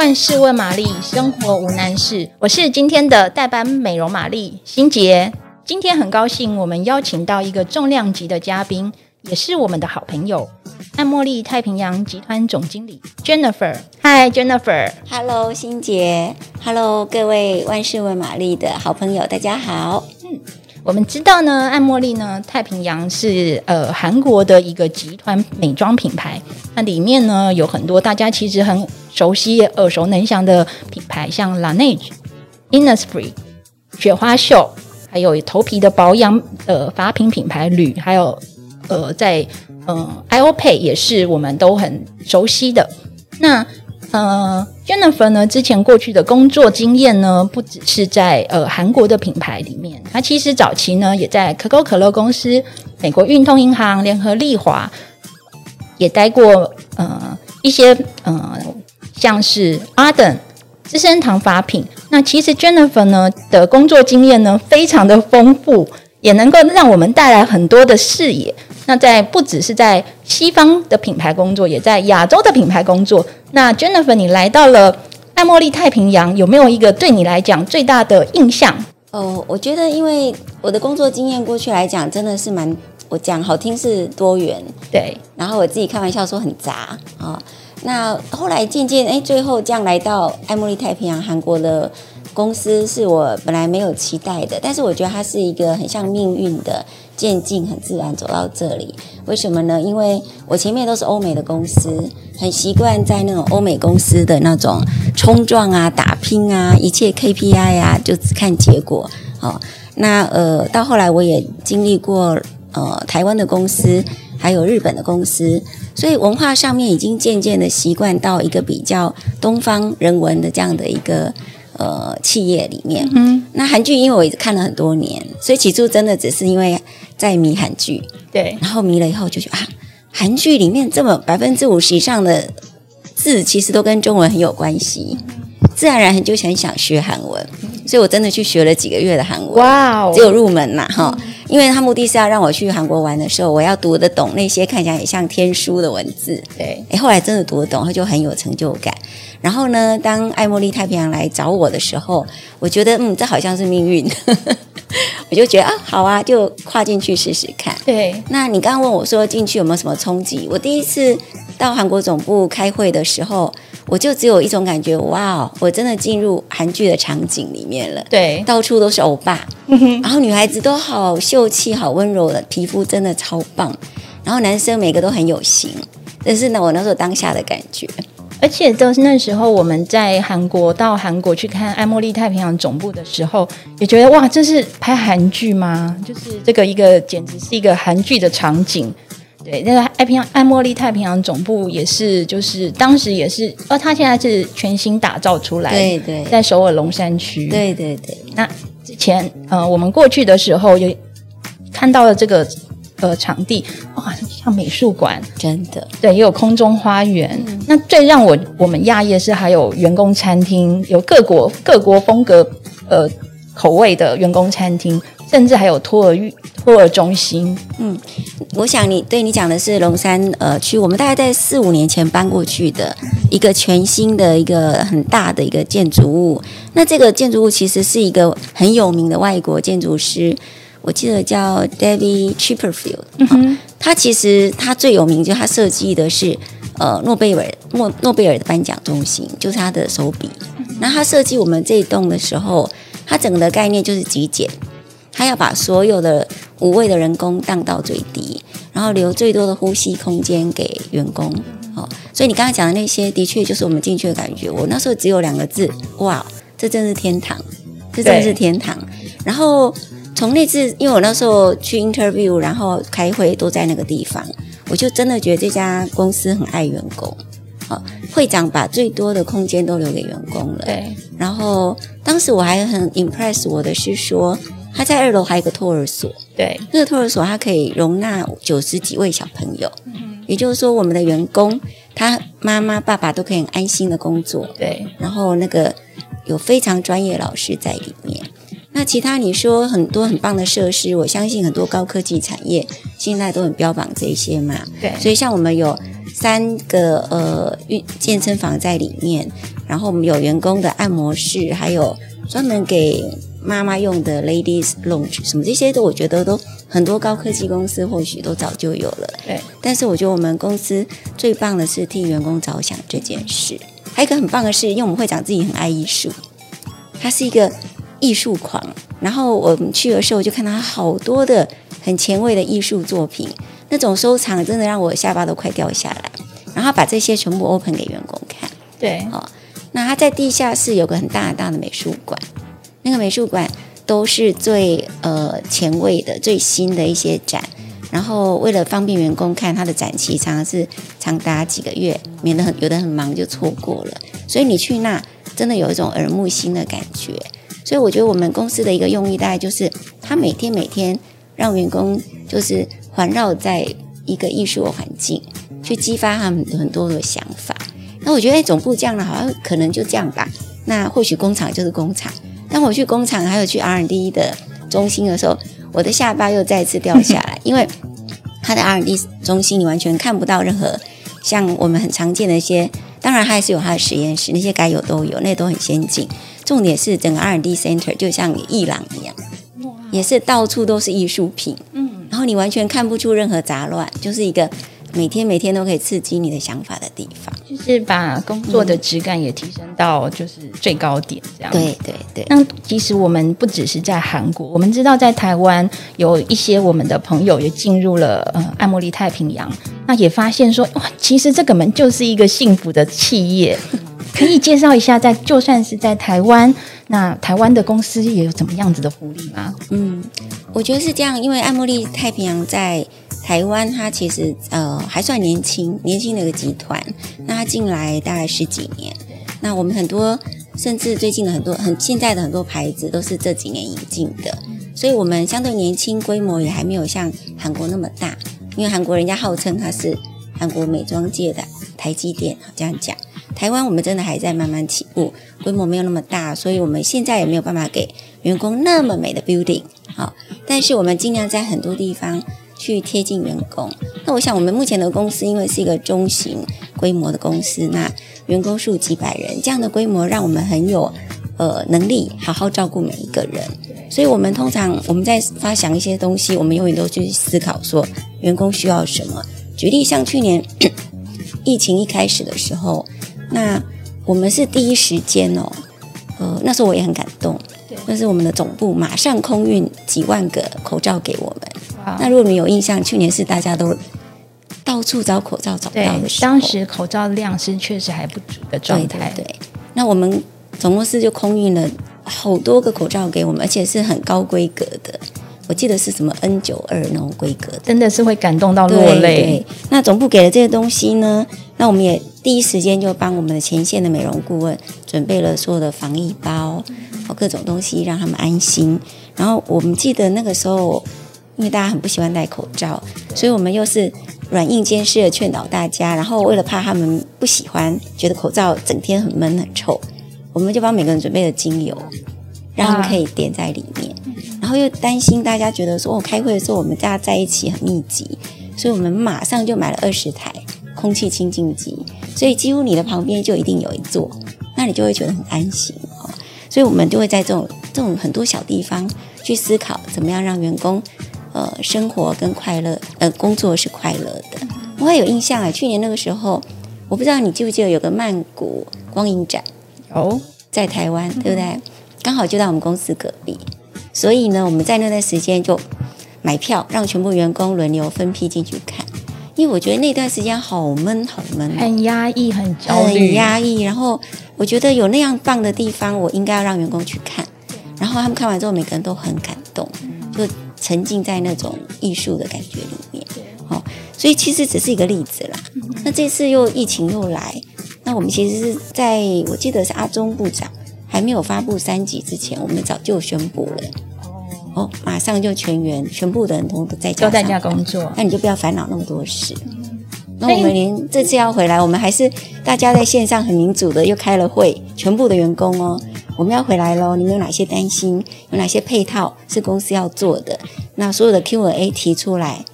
萬事問瑪麗，生活無難事。我是今天的代班美容瑪麗，欣杰。今天很高興，我們邀請到一個重量級的嘉賓，也是我們的好朋友，愛茉莉太平洋集團總經理 Jennifer。Hi, Jennifer，Hello 心杰，Hello 各位萬事問瑪麗的好朋友，大家好。嗯。我們知道呢，愛茉莉呢，太平洋是呃韓國的一個集團美妝品牌。那裡面呢，有很多大家其實很熟悉、耳熟能詳的品牌，像 l a n e Innisfree、雪花秀，還有頭皮的保養呃髮品品牌呂，還有呃在嗯、呃、IOPE 也是我們都很熟悉的。那呃，Jennifer 呢，之前過去的工作經驗呢，不只是在呃韓國的品牌裡面，她其實早期呢，也在可口可樂公司、美國運通銀行、聯合利華也待過，呃，一些呃，像是 Arden 資生堂、髮品。那其實 Jennifer 呢的工作經驗呢，非常的豐富，也能夠讓我們帶來很多的視野。那在不只是在西方的品牌工作，也在亞洲的品牌工作。那 Jennifer，你來到了愛茉莉太平洋，有沒有一個對你來講最大的印象？哦，我覺得，因為我的工作經驗過去來講，真的是蠻……我講好聽是多元，對。然後我自己開玩笑說很雜啊，哦。那後來漸漸，誒，最後這樣來到愛茉莉太平洋韓國的。公司是我本來沒有期待的，但是我覺得它是一個很像命運的漸進，很自然走到這裡。為什麼呢？因為我前面都是歐美的公司，很習慣在那種歐美公司的那種衝撞啊、打拼啊，一切 KPI 啊，就只看結果。好、哦，那呃，到後來我也經歷過呃台灣的公司，還有日本的公司，所以文化上面已經漸漸的習慣到一個比較東方人文的這樣的一個。呃，企業裡面，嗯，那韓劇，因為我也看了很多年，所以起初真的只是因為在迷韓劇，對，然後迷了以後就覺得啊，韓劇裡面這麼百分之五十以上的字其實都跟中文很有關係，自然而然就很想學韓文，所以我真的去學了幾個月的韓文，哇哦，只有入門嘛，哈。嗯因為他目的是要讓我去韓國玩的時候，我要讀得懂那些看起來也像天書的文字。對，哎，後來真的讀得懂，他就很有成就感。然後呢，當愛茉莉太平洋來找我的時候，我覺得，嗯，這好像是命運， 我就覺得啊，好啊，就跨進去試試看。對，那你剛剛問我說進去有沒有什麼衝擊？我第一次到韓國總部開會的時候。我就只有一種感覺，哇，我真的進入韓劇的場景裡面了，對，到處都是歐巴， 然後女孩子都好秀氣、好溫柔的，皮膚真的超棒，然後男生每個都很有型。這是呢，我那時候當下的感覺。而且都是那時候我們在韓國到韓國去看愛茉莉太平洋總部的時候，也覺得哇，這是拍韓劇嗎？就是這個一個，簡直是一個韓劇的場景。對，那、這個太平洋愛茉莉太平洋總部也是，就是當時也是，哦，它現在是全新打造出來。對對，在首爾龍山區。對對對。那之前，呃，我們過去的時候有看到了這個呃場地，哇、哦，像美術館，真的。對，也有空中花園。嗯、那最讓我我們訝異的是還有員工餐廳，有各國各國風格呃口味的員工餐廳。甚至還有托兒育托兒中心。嗯，我想你對你講的是龍山呃區，我們大概在四五年前搬過去的，一個全新的一個很大的一個建築物。那這個建築物其實是一個很有名的外國建築師，我記得叫 David Chipperfield。嗯哼、哦，他其實他最有名就是他設計的是呃諾貝爾諾諾貝爾的頒獎中心，就是他的手筆。那、嗯、哼他設計我們這一棟的時候，他整個的概念就是極簡。他要把所有的無謂的人工降到最低，然後留最多的呼吸空間給員工。哦，所以你剛剛講的那些，的確就是我們進去的感覺。我那時候只有兩個字：哇，這真是天堂！這真是天堂！對然後從那次，因為我那時候去 interview，然後開會都在那個地方，我就真的覺得這家公司很愛員工。哦，會長把最多的空間都留給員工了。對。然後當時我還很 impress 我的是說。他在二樓還有個托兒所，對，那個托兒所他可以容納九十幾位小朋友，嗯哼，也就是說我們的員工他媽媽爸爸都可以很安心的工作，對，然後那個有非常專業老師在裡面，那其他你說很多很棒的設施，我相信很多高科技產業現在都很標榜這一些嘛，對，所以像我們有三個呃健身房在裡面，然後我們有員工的按摩室，還有專門給。媽媽用的 Ladies Lounge 什麼這些都我覺得都很多高科技公司或許都早就有了，對。但是我覺得我們公司最棒的是替員工着想這件事。還有一個很棒的是，因為我們會長自己很愛藝術，他是一個藝術狂。然後我們去的時候就看到他好多的很前衛的藝術作品，那種收藏真的讓我下巴都快掉下來。然後把這些全部 open 給員工看，對。哦，那他在地下室有個很大很大的美術館。那個美術館都是最呃前衛的、最新的一些展，然後為了方便員工看，它的展期常常是長達幾個月，免得很有的很忙就錯過了。所以你去那真的有一種耳目新的感覺。所以我覺得我們公司的一個用意大概就是，他每天每天讓員工就是環繞在一個藝術的環境，去激發他們很多的想法。那我覺得，哎，總部這樣呢，好像可能就這樣吧。那或許工廠就是工廠。當我去工廠，還有去 R&D 的中心的時候，我的下巴又再次掉下來，因為它的 R&D 中心你完全看不到任何像我們很常見的一些，當然還是有它的實驗室，那些該有都有，那些都很先進。重點是整個 R&D Center 就像藝廊一樣，也是到處都是藝術品，嗯，然後你完全看不出任何雜亂，就是一個。每天每天都可以刺激你的想法的地方，就是把工作的質感也提升到就是最高點這樣，嗯。對對對。對，那其實我們不只是在韓國，我們知道在台灣有一些我們的朋友也進入了呃愛茉莉太平洋，那也發現說哇，哦，其實這個門就是一個幸福的企業。 可以介紹一下在、在就算是在台灣，那台灣的公司也有怎麼樣子的福利嗎？嗯，我覺得是這樣，因為愛茉莉太平洋在。台灣它，其實呃還算年輕，年輕的一個集團。那它進來大概十幾年，那我們很多甚至最近的很多很現在的很多牌子都是這幾年引進的，所以我們相對年輕，規模也還沒有像韓國那麼大。因為韓國人家號稱它是韓國美妝界的台積電，這樣講。台灣我們真的還在慢慢起步，規模沒有那麼大，所以我們現在也沒有辦法給員工那麼美的 building，好、哦，但是我們盡量在很多地方，去貼近員工。那我想，我們目前的公司因為是一個中型規模的公司，那員工數幾百人，這樣的規模讓我們很有呃能力好好照顧每一個人。所以，我們通常我們在發想一些東西，我們永遠都去思考說，員工需要什麼。舉例像去年疫情一開始的時候，那我們是第一時間哦，呃，那時候我也很感動，對那是我們的總部馬上空運幾萬個口罩給我們。好那如果你有印象，去年是大家都到處找口罩找不到的時候。當時口罩量是確實還不足的狀態。對，對，對，那我們總公司就空運了好多個口罩給我們，而且是很高規格的，我記得是什麼 N 九二那種規格的，真的是會感動到落淚。對，對，那總部給了這些東西呢，那我們也第一時間就幫我們的前線的美容顧問準備了所有的防疫包和、嗯嗯、各種東西，讓他們安心。然後我們記得那個時候。因為大家很不喜歡戴口罩，所以我們又是軟硬兼施的勸導大家。然後為了怕他們不喜歡，覺得口罩整天很悶很臭，我們就幫每個人準備了精油，讓他們可以點在裡面。啊、然後又擔心大家覺得說，我、哦、開會的時候我們大家在一起很密集，所以我們馬上就買了二十台空氣清淨機。所以幾乎你的旁邊就一定有一座，那你就會覺得很安心哦。所以我們就會在這種這種很多小地方去思考，怎麼樣讓員工。呃，生活跟快樂，呃，工作是快樂的。我還有印象哎，去年那個時候，我不知道你記不記得有個曼谷光影展哦，在台灣對不對？哦、剛好就在我們公司隔壁，所以呢，我們在那段時間就買票，讓全部員工輪流分批進去看，因為我覺得那段時間好悶，好悶、哦，很壓抑，很焦慮、哦，很壓抑。然後我覺得有那樣棒的地方，我應該要讓員工去看。然後他們看完之後，每個人都很感動，就。沉浸在那種藝術的感覺裡面，好、哦，所以其實只是一個例子啦。那這次又疫情又來，那我們其實是在我記得是阿中部長還沒有發布三級之前，我們早就宣布了哦，馬上就全員全部的人都在家、都在家工作，那你就不要煩惱那麼多事。那我們連這次要回來，我們還是大家在線上很民主的又開了會，全部的員工哦。我們要回來嘍！你們有哪些擔心？有哪些配套是公司要做的？那所有的 Q&A 提出來，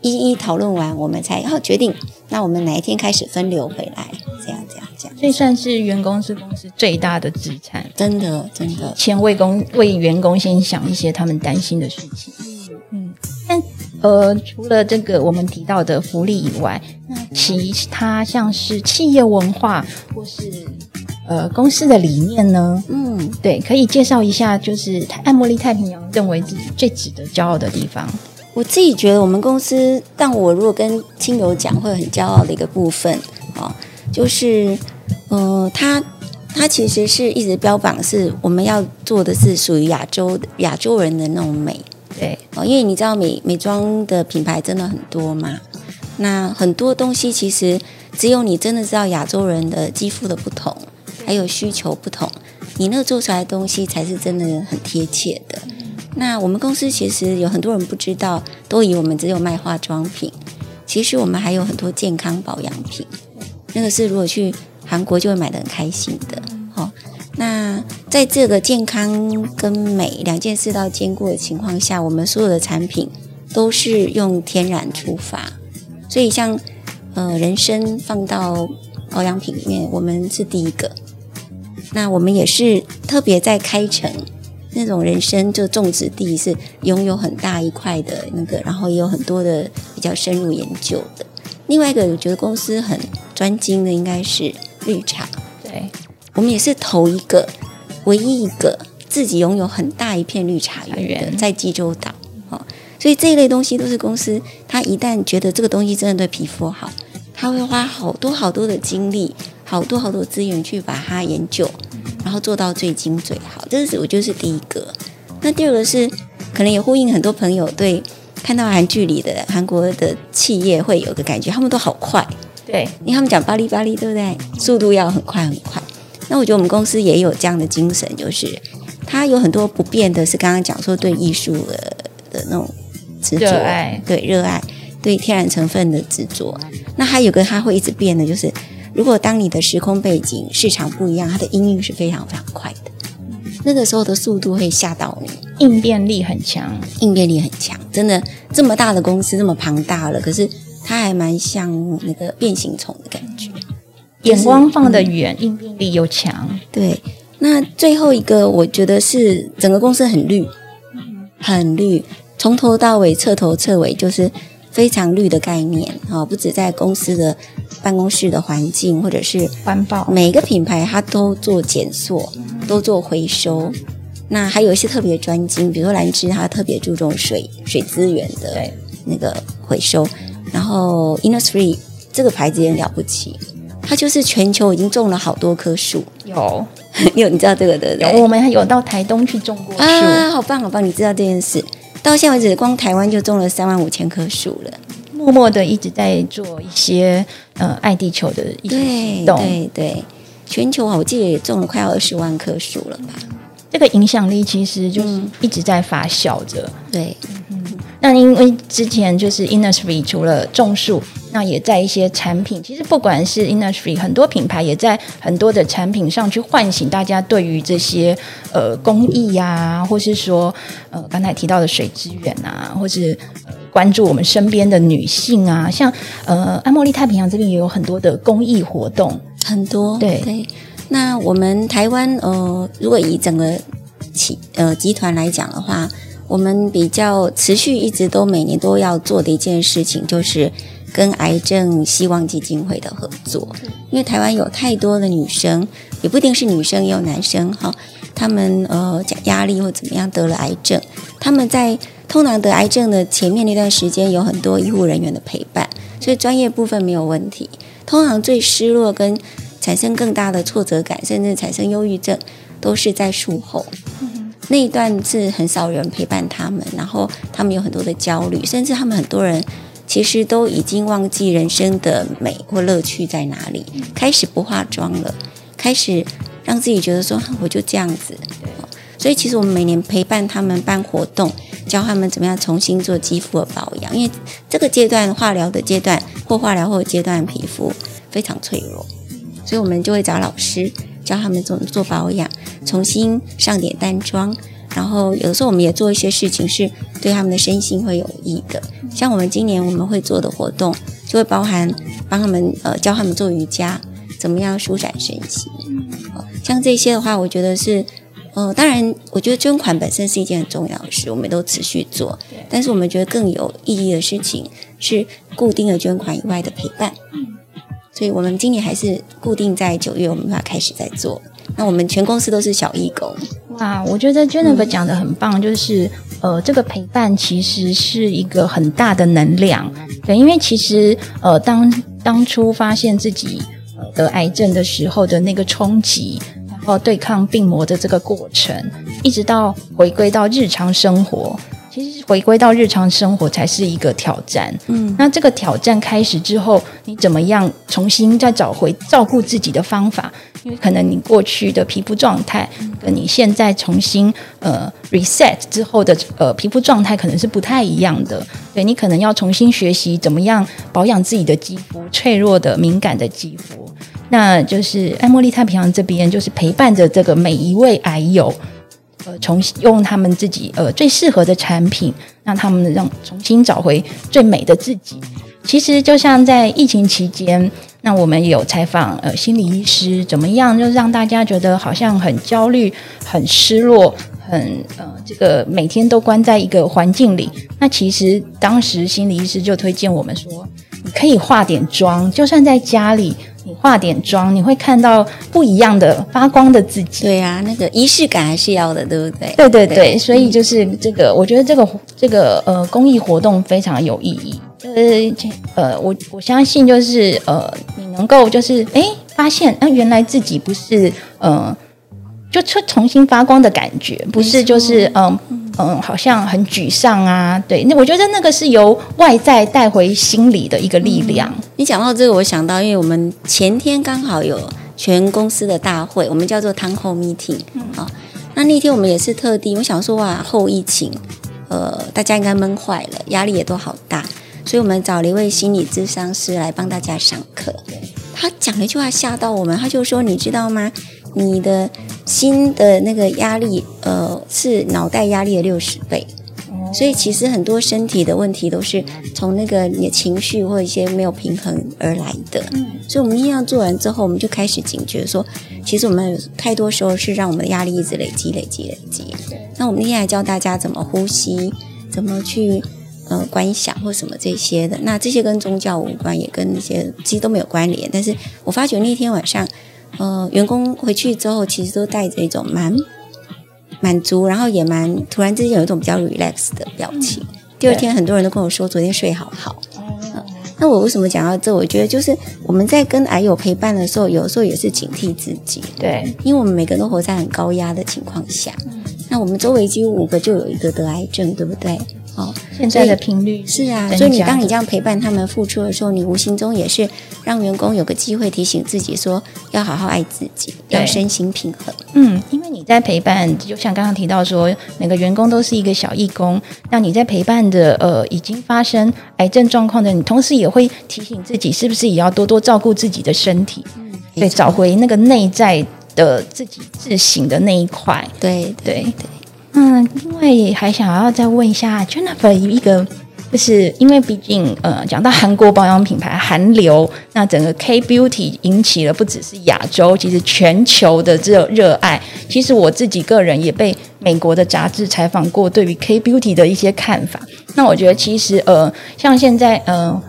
一一討論完，我們才要決定。那我們哪一天開始分流回來？這樣、這樣、這樣。所以算是員工是公司最大的資產，真的，真的。先為公為員工先想一些他們擔心的事情。嗯嗯。但呃，除了這個我們提到的福利以外，那、嗯、其他像是企業文化，或是。呃，公司的理念呢？嗯，對，可以介紹一下，就是愛茉莉太平洋認為自己最值得驕傲的地方。我自己覺得，我們公司，但我如果跟親友講，會很驕傲的一個部分哦，就是，呃，他他其實是一直標榜是我們要做的是屬於亞洲的亞洲人的那種美，對，哦，因為你知道美美妝的品牌真的很多嘛，那很多東西其實只有你真的知道亞洲人的肌膚的不同。還有需求不同，你那個做出來的東西才是真的很貼切的。那我們公司其實有很多人不知道，都以為我們只有賣化妝品，其實我們還有很多健康保養品。那個是如果去韓國就會買得很開心的。好、嗯，那在這個健康跟美兩件事都兼顧的情況下，我們所有的產品都是用天然出發，所以像呃人參放到保養品裡面，我們是第一個。那我們也是特別在開城那種人參，就種植地是擁有很大一塊的那個，然後也有很多的比較深入研究的。另外一個，我覺得公司很專精的應該是綠茶，對，我們也是頭一個、唯一一個自己擁有很大一片綠茶園的，在濟州島。人所以這一類東西都是公司，他一旦覺得這個東西真的對皮膚好，他會花好多好多的精力，好多好多資源去把它研究，然後做到最精最好。這是我就是第一個。那第二個是，可能也呼應很多朋友對看到韓劇裡的韓國的企業會有個感覺，他們都好快。對，因為他們講巴黎巴黎對不對？速度要很快很快。那我覺得我們公司也有這樣的精神，就是它有很多不變的，是剛剛講說對藝術的的那種執着，熱愛。對熱愛，對天然成分的執着。那還有個它會一直變的，就是。如果當你的時空背景市場不一樣，它的應變是非常非常快的。那個時候的速度會嚇到你，應變力很強，應變力很強。真的這麼大的公司這麼龐大了，可是它還蠻像那個變形蟲的感覺，就是、眼光放得遠，嗯、應變力又強。對，那最後一個我覺得是整個公司很綠，很綠，從頭到尾徹頭徹尾就是非常綠的概念啊、哦，不止在公司的辦公室的環境，或者是環保，每一個品牌它都做減塑，嗯、都做回收。那還有一些特別專精，比如說蘭芝，它特別注重水水資源的那個回收。對然後 Innisfree 這個牌子也了不起，它就是全球已經種了好多棵樹。有有， 你知道這個的？對對有，我們有到台東去種過樹、嗯、啊，好棒好棒！你知道這件事？到現在為止，光台灣就種了三萬五千棵樹了。默默的一直在做一些呃愛地球的一些行動，對對，對，全球好，我記得也種了快二十萬棵樹了吧？這個影響力其實就是一直在發酵着。嗯、對，嗯，那因為之前就是 innisfree 除了種樹，那也在一些產品，其實不管是 innisfree 很多品牌也在很多的產品上去喚醒大家對於這些呃公益呀、啊，或是說呃剛才提到的水資源啊，或是，呃關注我們身邊的女性啊，像呃愛茉莉太平洋這邊也有很多的公益活動，很多對、對。那我們台灣呃，如果以整個企呃集團來講的話，我們比較持續一直都每年都要做的一件事情，就是跟癌症希望基金會的合作，對因為台灣有太多的女生，也不一定是女生，也有男生哈，他、哦、們呃講壓力或怎麼樣得了癌症，他們在。通常得癌症的前面那段時間，有很多醫護人員的陪伴，所以專業部分沒有問題。通常最失落跟產生更大的挫折感，甚至產生憂鬱症，都是在術後那一段，是很少人陪伴他們，然後他們有很多的焦慮，甚至他們很多人其實都已經忘記人生的美或樂趣在哪裡，開始不化妝了，開始讓自己覺得說我就這樣子。所以其實我們每年陪伴他們辦活動。教他們怎麼樣重新做肌膚的保養，因為這個階段化療的階段或化療後階段的皮膚非常脆弱，所以我們就會找老師教他們怎麼做保養，重新上點淡妝。然後有的時候我們也做一些事情是對他們的身心會有益的，像我們今年我們會做的活動就會包含幫他們呃教他們做瑜伽，怎麼樣舒展身心。哦，像這些的話，我覺得是。呃，當然，我覺得捐款本身是一件很重要的事，我們都持續做。對但是，我們覺得更有意義的事情是固定的捐款以外的陪伴。嗯，所以我們今年還是固定在九月，我們要開始在做。那我們全公司都是小義狗。哇，我覺得 Jennifer 講的很棒，嗯、就是呃，這個陪伴其實是一個很大的能量。對，因為其實呃，當當初發現自己得癌症的時候的那個衝擊。呃，對抗病魔的這個過程，一直到回歸到日常生活，其實回歸到日常生活才是一個挑戰。嗯，那這個挑戰開始之後，你怎麼樣重新再找回照顧自己的方法？因為可能你過去的皮膚狀態，跟你現在重新呃 reset 之後的呃皮膚狀態，可能是不太一樣的。對，你可能要重新學習怎麼樣保養自己的肌膚，脆弱的、敏感的肌膚。那就是愛茉莉太平洋這邊，就是陪伴着這個每一位癌友，呃，重新用他們自己呃最適合的產品，讓他們讓重新找回最美的自己。其實就像在疫情期間，那我們有採訪呃心理醫師，怎麼樣，就讓大家覺得好像很焦慮、很失落、很呃這個每天都關在一個環境裡。那其實當時心理醫師就推薦我們說。可以化點妝，就算在家裡，你化點妝，你會看到不一樣的發光的自己。對啊，那個儀式感還是要的，對不對？對對對，對所以就是這個，嗯、我覺得這個這個呃公益活動非常有意義。呃呃，我我相信就是呃，你能夠就是誒，發現啊、呃，原來自己不是呃，就出重新發光的感覺，不是就是沒錯，嗯。嗯，好像很沮喪啊，對，那我覺得那個是由外在帶回心裡的一個力量。嗯、你講到這個，我想到，因為我們前天剛好有全公司的大會，我們叫做“湯後 meeting”、嗯、啊。那那天我們也是特地，我想說哇、啊，後疫情，呃，大家應該悶壞了，壓力也都好大，所以我們找了一位心理諮商師來幫大家上課。他講了一句話嚇到我們，他就說：“你知道嗎？”你的心的那個壓力，呃，是腦袋壓力的六十倍，所以其實很多身體的問題都是從那個你的情緒或一些沒有平衡而來的。所以我們一定要做完之後，我們就開始警覺說，其實我們有太多時候是讓我們的壓力一直累積、累積、累積。那我們今天來教大家怎麼呼吸，怎麼去呃觀想或什麼這些的。那這些跟宗教無關，也跟那些其實都沒有關聯。但是我發覺那天晚上。呃，員工回去之後，其實都帶着一種蠻滿足，然後也蠻突然之間有一種比較 relax 的表情。嗯、第二天，很多人都跟我說，昨天睡好好、嗯。那我為什麼講到這？我覺得就是我們在跟癌友陪伴的時候，有的時候也是警惕自己。對，因為我們每個人都活在很高壓的情況下。那我們周圍幾乎五個就有一個得癌症，對不對？哦，現在的頻率、哦、是啊，所以你當你這樣陪伴他們付出的時候，你無形中也是讓員工有個機會提醒自己說要好好愛自己，對要身心平衡。嗯，因為你在陪伴，就像剛剛提到說每個員工都是一個小義工，那你在陪伴的呃已經發生癌症狀況的你，同時也會提醒自己是不是也要多多照顧自己的身體，嗯、對，找回那個內在的自己自省的那一塊。對對對。對對對嗯，因為還想要再問一下 Jennifer，一個就是因為畢竟呃，講到韓國保養品牌韓流，那整個 K Beauty 引起了不只是亞洲，其實全球的這熱愛。其實我自己個人也被美國的雜誌採訪過對於，對於 K Beauty 的一些看法。那我覺得其實呃，像現在呃。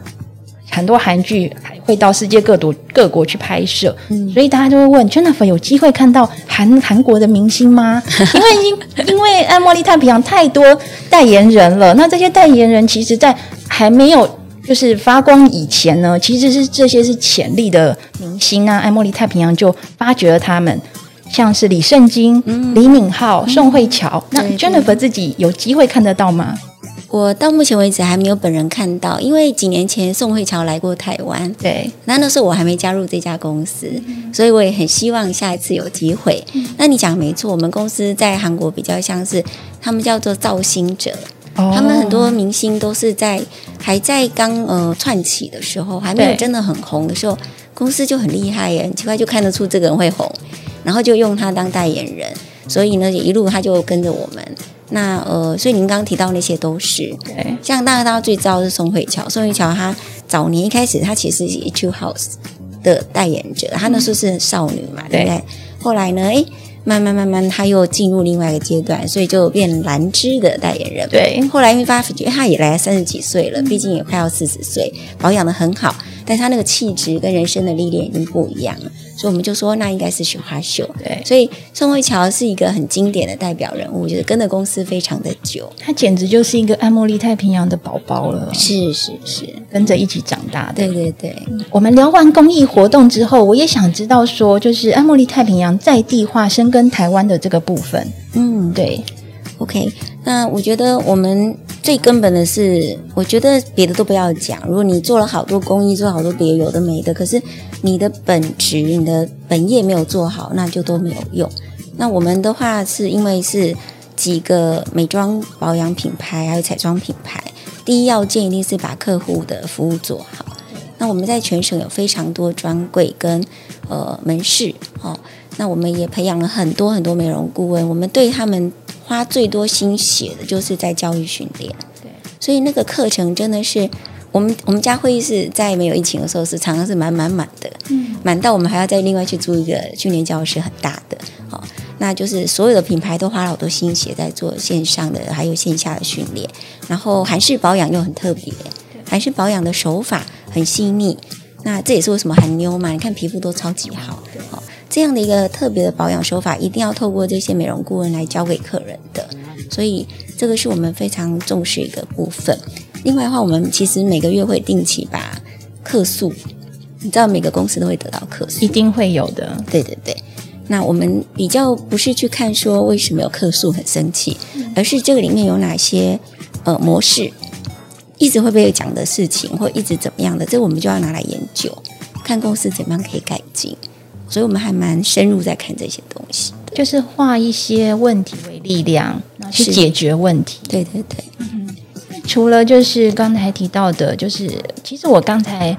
很多韓劇會到世界各國各國去拍攝，嗯、所以大家就會問 Jennifer 有機會看到韓韓國的明星嗎？ 因為因為愛茉莉太平洋太多代言人了，那這些代言人其實，在還沒有就是發光以前呢，其實是這些是潛力的明星啊。愛茉莉太平洋就發掘了他們，像是李聖經、嗯、李敏鎬、嗯、宋慧喬，嗯、那 Jennifer 自己有機會看得到嗎？對對對。我到目前為止還沒有本人看到，因為幾年前宋慧喬來過台灣，對，那那時候我還沒加入這家公司，嗯、所以我也很希望下一次有機會。嗯、那你講沒錯，我們公司在韓國比較像是他們叫做造星者，哦、他們很多明星都是在還在剛呃竄起的時候，還沒有真的很紅的時候，對公司就很厲害耶，很奇怪就看得出這個人會紅，然後就用他當代言人，所以呢一路他就跟着我們。那呃，所以您剛剛提到那些都是，對。像大家大家最知道是宋慧喬，宋慧喬她，早年一開始她其實是 Etude House 的代言人，她、嗯、那時候是少女嘛，對不對？後來呢，誒，慢慢慢慢她又進入另外一個階段，所以就變蘭芝的代言人。對，後來因為發覺，她也來了三十幾歲了，嗯、畢竟也快要四十歲，保養得很好，但她那個氣質跟人生的歷練已經不一樣了。所以我們就說，那應該是雪花秀。對，所以宋慧喬是一個很經典的代表人物，就是跟的公司非常的久。他簡直就是一個愛茉莉太平洋的寶寶了。是是是，跟着一起長大的。對對對。我們聊完公益活動之後，我也想知道說，就是愛茉莉太平洋在地化深耕台灣的這個部分。嗯，對。OK，那我覺得我們。最根本的是，我覺得別的都不要講。如果你做了好多公益，做了好多別的有的沒的，可是你的本職、你的本業沒有做好，那就都沒有用。那我們的話是因為是幾個美妝保養品牌還有彩妝品牌，第一要件一定是把客戶的服務做好。那我們在全省有非常多專櫃跟，呃，門市哦，那我們也培養了很多很多美容顧問，我們對他們花最多心血的就是在教育訓練，對，所以那個課程真的是我們我們家會議室在沒有疫情的時候是常常是滿滿滿的，嗯，滿到我們還要再另外去租一個訓練教室很大的，好、哦，那就是所有的品牌都花了好多心血在做線上的還有線下的訓練，然後韓式保養又很特別，韓式保養的手法很細膩，那這也是為什麼韓妞嘛，你看皮膚都超級好的，好對。哦這樣的一個特別的保養手法，一定要透過這些美容顧問來教給客人的，所以這個是我們非常重視一個部分。另外的話，我們其實每個月會定期把客訴，你知道每個公司都會得到客訴，一定會有的。對對對，那我們比較不是去看說為什麼有客訴很生氣，而是這個裡面有哪些呃模式，一直會被講的事情，或一直怎麼樣的，這我們就要拿來研究，看公司怎麼樣可以改進。所以我們還蠻深入在看這些東西，就是化一些問題為力量去解決問題。對對對。嗯，除了就是剛才提到的，就是其實我剛才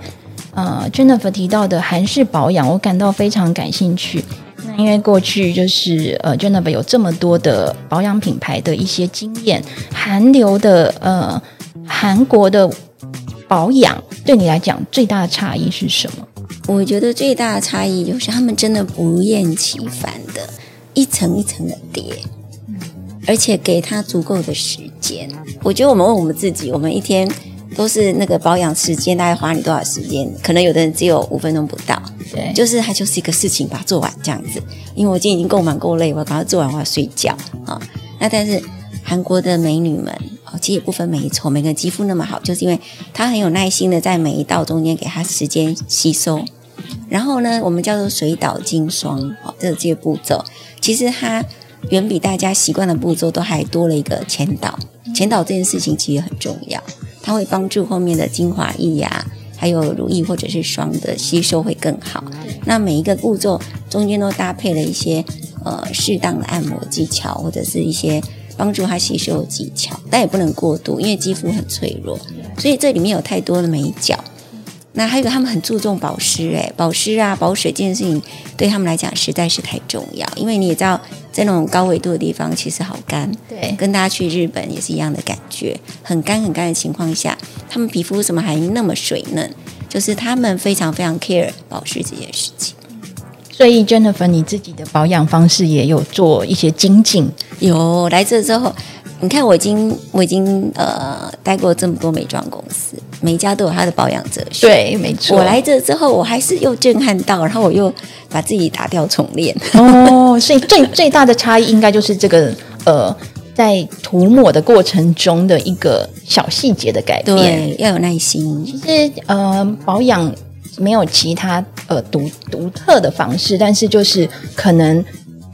呃 Jennifer 提到的韓式保養，我感到非常感興趣。那因為過去就是呃 Jennifer 有這麼多的保養品牌的一些經驗，韓流的呃韓國的保養對你來講最大的差異是什麼？我覺得最大的差異就是，他們真的不厭其煩的，一層一層的疊，而且給他足夠的時間。我覺得我們問我們自己，我們一天都是那個保養時間，大概花你多少時間？可能有的人只有五分鐘不到，對，就是他就是一個事情把它做完這樣子。因為我今天已經夠忙夠累，我要把它做完，我要睡覺啊。那但是韓國的美女們。其實也不分每一層，每個肌膚那麼好，就是因為它很有耐心的在每一道中間給它時間吸收。然後呢，我們叫做水導精霜，哦，這這些步驟，其實它遠比大家習慣的步驟都還多了一個前導。前導這件事情其實很重要，它會幫助後面的精華液啊，還有乳液或者是霜的吸收會更好。那每一個步驟中間都搭配了一些呃適當的按摩技巧，或者是一些。幫助他吸收技巧，但也不能過度，因為肌膚很脆弱。所以這裡面有太多的眉角。那還有個，他們很注重保濕哎、欸，保濕啊，保水這件事情對他們來講實在是太重要。因為你也知道，在那種高緯度的地方其實好乾，對，跟大家去日本也是一樣的感覺，很乾很乾的情況下，他們皮膚為什麼還那麼水嫩？就是他們非常非常 care 保濕這件事情。所以 Jennifer，你自己的保養方式也有做一些精進。有來這之後，你看我已經，我已經呃，待過這麼多美妝公司，每一家都有它的保養哲學對，沒錯。我來這之後，我還是又震撼到，然後我又把自己打掉重練。哦，所以最 最大的差異應該就是這個呃，在塗抹的過程中的一個小細節的改變，對，要有耐心。其實呃，保養。沒有其他呃獨獨特的方式，但是就是可能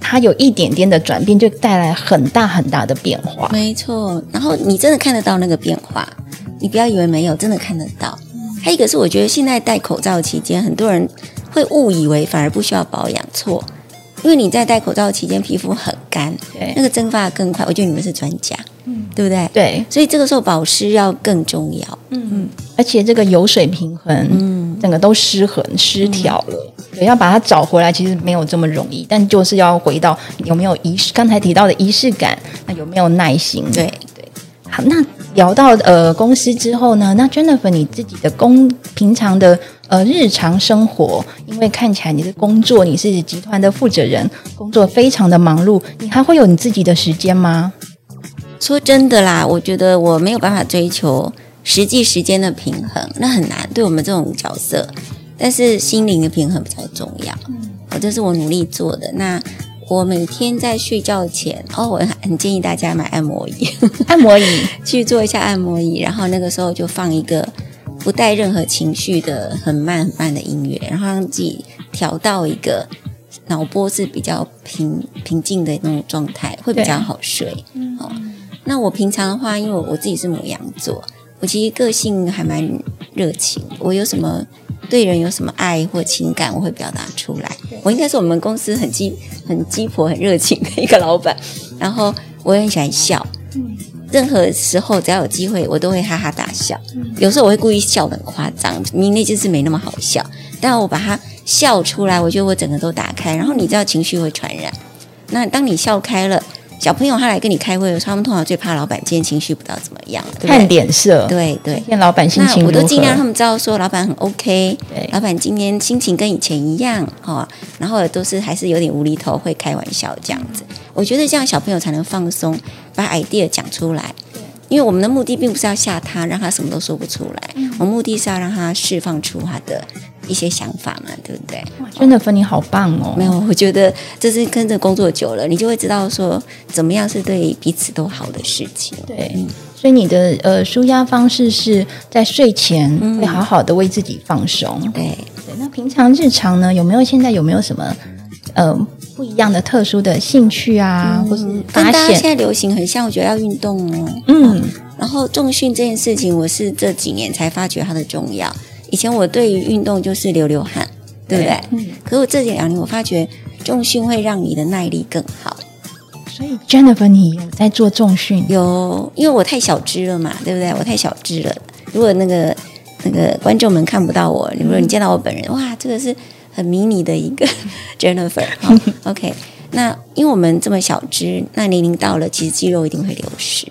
它有一點點的轉變，就帶來很大很大的變化。沒錯，然後你真的看得到那個變化，你不要以為沒有，真的看得到。嗯、還有一個是，我覺得現在戴口罩期間，很多人會誤以為反而不需要保養，錯，因為你在戴口罩期間，皮膚很乾，對那個蒸發更快。我覺得你們是專家，嗯、對不對？對，所以這個時候保濕要更重要，嗯，嗯而且這個油水平衡，嗯。嗯整個都失衡、失調了，嗯、對，要把它找回來，其實沒有這麼容易，但就是要回到有沒有儀式，剛才提到的儀式感，那、啊、有沒有耐心？對對，好，那聊到呃公司之後呢？那 Jennifer，你自己的工平常的呃日常生活，因為看起來你的工作你是集團的負責人，工作非常的忙碌，你還會有你自己的時間嗎？說真的啦，我覺得我沒有辦法追求。實際時間的平衡，那很難，對我們這種角色，但是心靈的平衡比較重要。我、嗯哦、這是我努力做的。那我每天在睡覺前，哦，我很建議大家買按摩椅，按摩椅 去做一下按摩椅，然後那個時候就放一個不帶任何情緒的很慢很慢的音樂，然後讓自己調到一個腦波是比較平平靜的那種狀態，會比較好睡。啊嗯、哦，那我平常的話，因為我，我自己是牡羊座。我其實個性還蠻熱情，我有什麼對人有什麼愛或情感，我會表達出來。我應該是我們公司很雞、很雞婆、很熱情的一個老闆，然後我也很喜歡笑。任何時候只要有機會，我都會哈哈大笑。有時候我會故意笑得很誇張，你那只是沒那麼好笑，但我把它笑出來，我覺得我整個都打開。然後你知道情緒會傳染，那當你笑開了。小朋友他來跟你開會，他們通常最怕老闆今天情緒不知道怎麼樣。對對，看臉色。對對，看老闆心情。我都盡量讓他們知道說老闆很 OK，對老闆今天心情跟以前一樣哈、哦，然後都是還是有點無厘頭，會開玩笑這樣子。嗯、我覺得這樣小朋友才能放鬆，把 idea 講出來。嗯、因為我們的目的並不是要嚇他，讓他什麼都說不出來。嗯、我目的是要讓他釋放出他的一些想法嘛，對不對？真的哇，芬妮好,好棒哦！沒有，我覺得這是跟着工作久了，你就會知道說怎麼樣是對彼此都好的事情。對，嗯、所以你的呃，舒壓方式是在睡前會好好的為自己放鬆。嗯、對，對。那平常日常呢，有沒有現在有沒有什麼呃不一樣的特殊的興趣啊，嗯、或者發現跟大家現在流行很像，我覺得要運動哦。嗯哦。然後重訓這件事情，我是這幾年才發覺它的重要。以前我對於運動就是流流汗，對不對？對，嗯。可是我這些兩年我發覺重訓會讓你的耐力更好。所以 Jennifer，你有在做重訓？有，因為我太小只了嘛，對不對？我太小只了。如果那個那個觀眾們看不到我，你如果你見到我本人，嗯、哇，這個是很迷你的一個 Jennifer 好。 OK，那因為我們這麼小只，那年齡到了，其實肌肉一定會流失。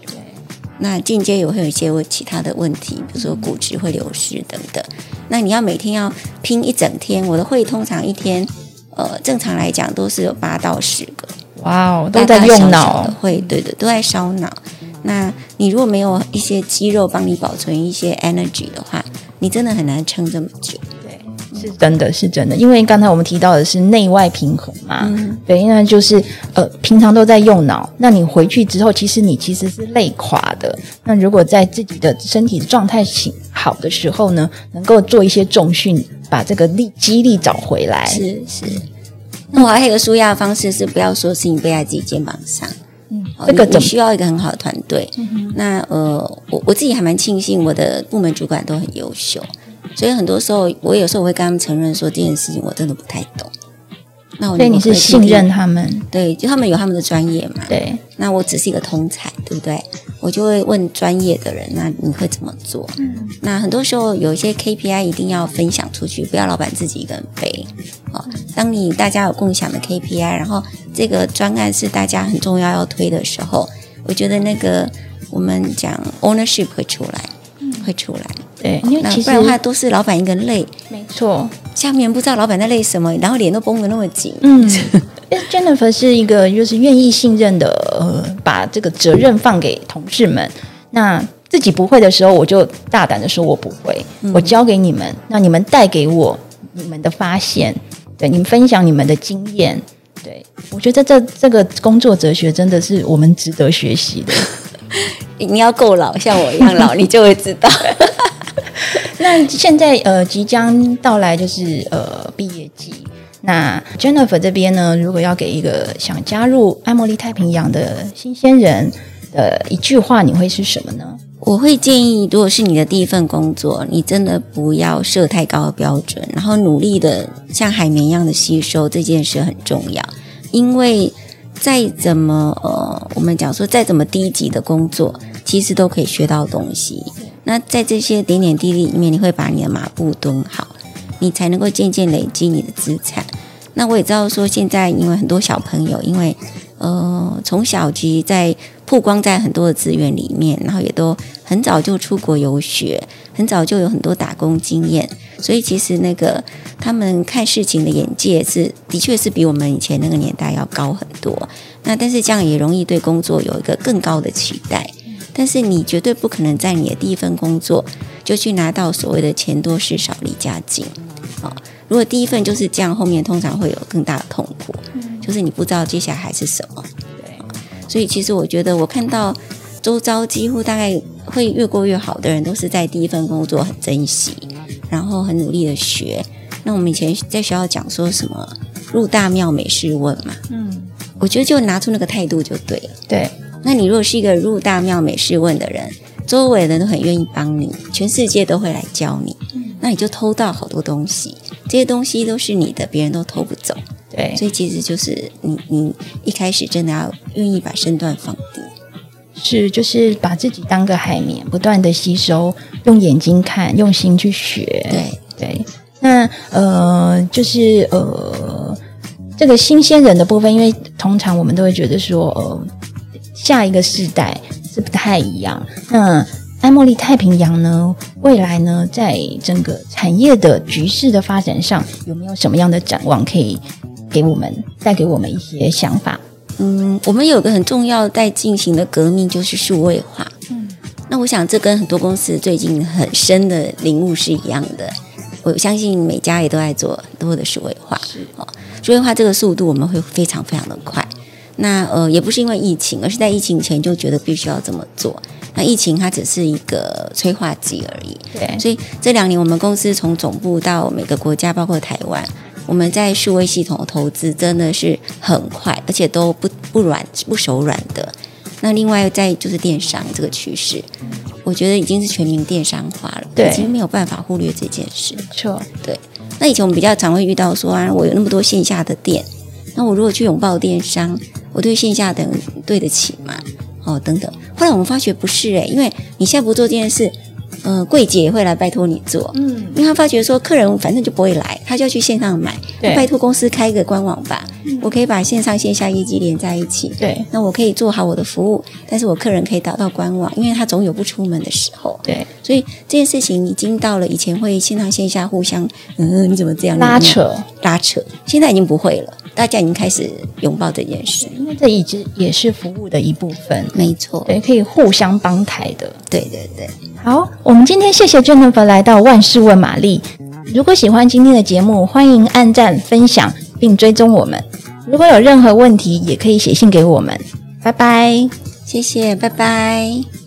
那進階也會有一些其他的問題，比如說骨質會流失等等。那你要每天要拼一整天，我的會通常一天，呃，正常來講都是有八到十個。哇哦，都在用腦，會對的，都在燒腦。嗯。那你如果沒有一些肌肉幫你保存一些 energy 的話，你真的很難撐這麼久。是真的是真的，因為剛才我們提到的是內外平衡嘛，嗯、對，因為就是呃，平常都在用腦，那你回去之後，其實你其實是累垮的。那如果在自己的身體狀態好的時候呢，能夠做一些重訓，把這個力，肌力找回來，是是。那我還有個舒壓的方式是不要說是你背在自己肩膀上，嗯，你這個怎麼你需要一個很好的團隊。嗯、哼那呃，我我自己還蠻慶幸，我的部門主管都很優秀。所以很多時候，我有時候我會跟他們承認說，這件事情我真的不太懂。那我對你是信任他們，對，就他們有他們的專業嘛，對。那我只是一個通才，對不對？我就會問專業的人，那你會怎麼做？嗯。那很多時候有一些 KPI 一定要分享出去，不要老板自己一個人背。好、哦，當你大家有共享的 KPI，然後這個專案是大家很重要要推的時候，我覺得那個我們講 ownership 會出來。會出來，對，因為其實，哦、不然的話都是老闆一個累，沒錯，哦。下面不知道老闆在累什麼，然後臉都繃得那麼緊。嗯 ，Jennifer 是一個就是願意信任的，呃，把這個責任放給同事們。那自己不會的時候，我就大膽的說我不會，嗯，我交給你們。那你們帶給我你們的發現，對，你們分享你們的經驗。對，我覺得這這個工作哲學真的是我們值得學習的。 你要夠老，像我一樣老， 你就會知道。 那現在呃，即將到來就是呃畢業季。那 Jennifer 這邊呢，如果要給一個想加入愛茉莉太平洋的新鮮人，呃，一句話你會是什麼呢？我會建議，如果是你的第一份工作，你真的不要設太高的標準，然後努力的像海綿一樣的吸收，這件事很重要，因為。再怎麼呃，我們講說再怎麼低級的工作，其實都可以學到東西。那在這些點點滴滴裡面，你會把你的馬步蹲好，你才能夠漸漸累積你的資產。那我也知道說，現在因為很多小朋友，因為呃從小就在曝光在很多的資源裡面，然後也都很早就出國遊學。很早就有很多打工經驗，所以其實那個他們看事情的眼界是，的確是比我們以前那個年代要高很多。那但是這樣也容易對工作有一個更高的期待，但是你絕對不可能在你的第一份工作就去拿到所謂的錢多事少離家近。啊、哦，如果第一份就是這樣，後面通常會有更大的痛苦，就是你不知道接下來還是什麼。對，所以其實我覺得我看到。周遭幾乎大概會越過越好的人，都是在第一份工作很珍惜，然後很努力的學。那我們以前在學校講說什麼“入大廟每事問”嘛，嗯，我覺得就拿出那個態度就對了。對，那你如果是一個入大廟每事問的人，周圍的人都很願意幫你，全世界都會來教你，嗯，那你就偷到好多東西，這些東西都是你的，別人都偷不走。對，所以其實就是你你一開始真的要願意把身段放低。是，就是把自己當個海綿，不斷的吸收，用眼睛看，用心去學。對對，那呃，就是呃，這個新鮮人的部分，因為通常我們都會覺得說，呃，下一個世代是不太一樣。那愛茉莉太平洋呢，未來呢，在整個產業的局勢的發展上，有沒有什麼樣的展望，可以給我們帶給我們一些想法？嗯，我們有個很重要在進行的革命，就是數位化。嗯，那我想這跟很多公司最近很深的領悟是一樣的。我相信每家也都在做很多的數位化。是哦，數位化這個速度我們會非常非常的快。那呃，也不是因為疫情，而是在疫情前就覺得必須要這麼做。那疫情它只是一個催化劑而已。對，所以這兩年我們公司從總部到每個國家，包括台灣。我們在數位系統的投資真的是很快，而且都不不軟不手軟的。那另外再就是電商這個趨勢，我覺得已經是全民電商化了，對已經沒有辦法忽略這件事。錯，對。那以前我們比較常會遇到說啊，我有那麼多線下的店，那我如果去擁抱電商，我對線下等對得起嗎？哦，等等。後來我們發覺不是誒、欸，因為你現在不做這件事。嗯、呃，櫃姐也會來拜托你做，嗯，因為他發覺說，客人反正就不會來，他就要去線上買，對拜托公司開一個官網吧，嗯、我可以把線上線下業績連在一起，對，那我可以做好我的服務，但是我客人可以導到、到官網，因為他總有不出門的時候，對，所以這件事情已經到了以前會線上線下互相，嗯、呃，你怎麼這樣拉扯拉扯，現在已經不會了，大家已經開始擁抱這件事，因為這已經也是服務的一部分，沒錯，對，可以互相幫台的，對、對對對。好，我們今天謝謝 Jennifer 來到萬事問瑪麗。如果喜歡今天的節目，歡迎按贊、分享並追蹤我們。如果有任何問題，也可以寫信給我們。拜拜，謝謝，拜拜。